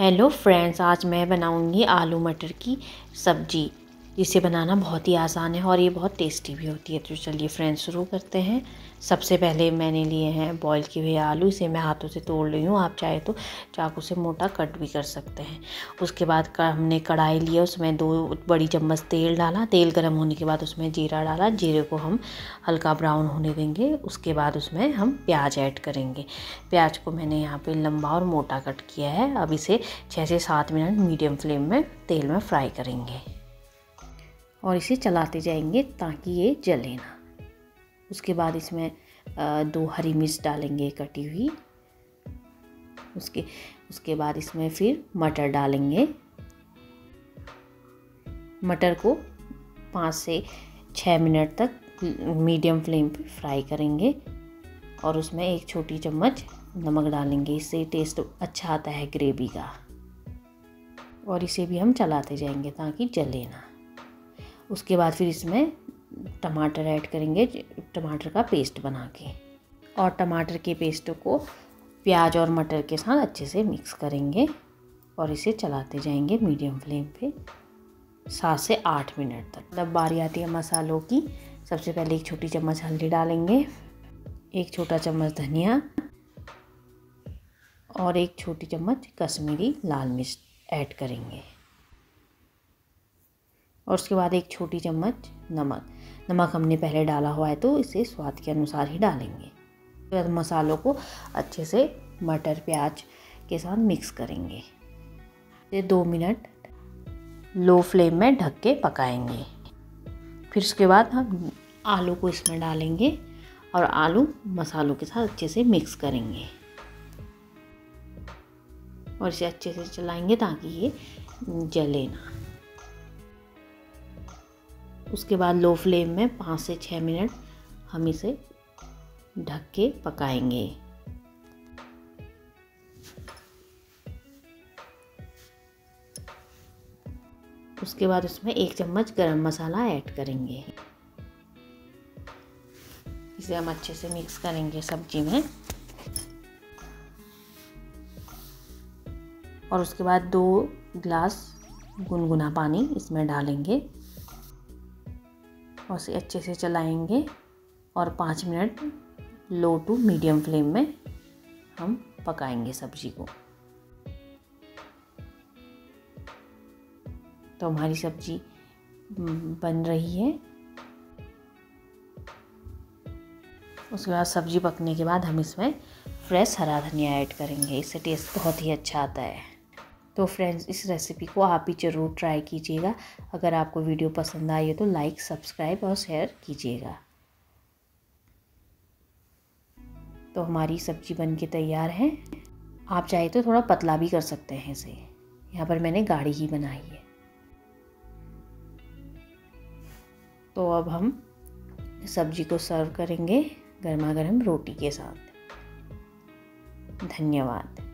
hello friends आज मैं बनाऊंगी आलू मटर की सब्ज़ी जिसे बनाना बहुत ही आसान है और ये बहुत टेस्टी भी होती है तो चलिए फ्रेंड्स शुरू करते हैं सबसे पहले मैंने लिए हैं बॉईल किए हुए आलू इसे मैं हाथों से तोड़ रही हूँ आप चाहे तो चाकू से मोटा कट भी कर सकते हैं उसके बाद हमने कढ़ाई लिया उसमें दो बड़ी चम्मच तेल डाला तेल गर्म होने के बाद उसमें जीरा डाला जीरे को हम हल्का ब्राउन होने देंगे उसके बाद उसमें हम प्याज ऐड करेंगे प्याज को मैंने यहाँ पर लंबा और मोटा कट किया है अब इसे छः से सात मिनट मीडियम फ्लेम में तेल में फ्राई करेंगे और इसे चलाते जाएंगे ताकि ये जले ना उसके बाद इसमें दो हरी मिर्च डालेंगे कटी हुई उसके उसके बाद इसमें फिर मटर डालेंगे मटर को पाँच से छः मिनट तक मीडियम फ्लेम पर फ्राई करेंगे और उसमें एक छोटी चम्मच नमक डालेंगे इससे टेस्ट अच्छा आता है ग्रेवी का और इसे भी हम चलाते जाएंगे ताकि जले ना उसके बाद फिर इसमें टमाटर ऐड करेंगे टमाटर का पेस्ट बना के और टमाटर के पेस्ट को प्याज और मटर के साथ अच्छे से मिक्स करेंगे और इसे चलाते जाएंगे मीडियम फ्लेम पे सात से आठ मिनट तक तब मतलब बारी आती है मसालों की सबसे पहले एक छोटी चम्मच हल्दी डालेंगे एक छोटा चम्मच धनिया और एक छोटी चम्मच कश्मीरी लाल मिर्च ऐड करेंगे और उसके बाद एक छोटी चम्मच नमक नमक हमने पहले डाला हुआ है तो इसे स्वाद के अनुसार ही डालेंगे उसके बाद मसालों को अच्छे से मटर प्याज के साथ मिक्स करेंगे ये दो मिनट लो फ्लेम में ढक के पकाएंगे फिर उसके बाद हम आलू को इसमें डालेंगे और आलू मसालों के साथ अच्छे से मिक्स करेंगे और इसे अच्छे से चलाएंगे ताकि ये जले ना उसके बाद लो फ्लेम में पाँच से छः मिनट हम इसे ढक के पकाएंगे उसके बाद उसमें एक चम्मच गरम मसाला ऐड करेंगे इसे हम अच्छे से मिक्स करेंगे सब्जी में और उसके बाद दो ग्लास गुनगुना पानी इसमें डालेंगे और उसे अच्छे से चलाएंगे और पाँच minute low to medium flame में हम पकाएंगे सब्जी को तो हमारी सब्जी बन रही है उसके बाद सब्जी पकने के बाद हम इसमें फ्रेश हरा धनिया ऐड करेंगे इससे टेस्ट बहुत ही अच्छा आता है तो फ्रेंड्स इस रेसिपी को आप भी ज़रूर ट्राई कीजिएगा अगर आपको वीडियो पसंद आई है तो लाइक सब्सक्राइब और शेयर कीजिएगा तो हमारी सब्जी बन के तैयार है आप चाहे तो थोड़ा पतला भी कर सकते हैं इसे यहाँ पर मैंने गाढ़ी ही बनाई है तो अब हम सब्जी को सर्व करेंगे गर्मा गर्म रोटी के साथ धन्यवाद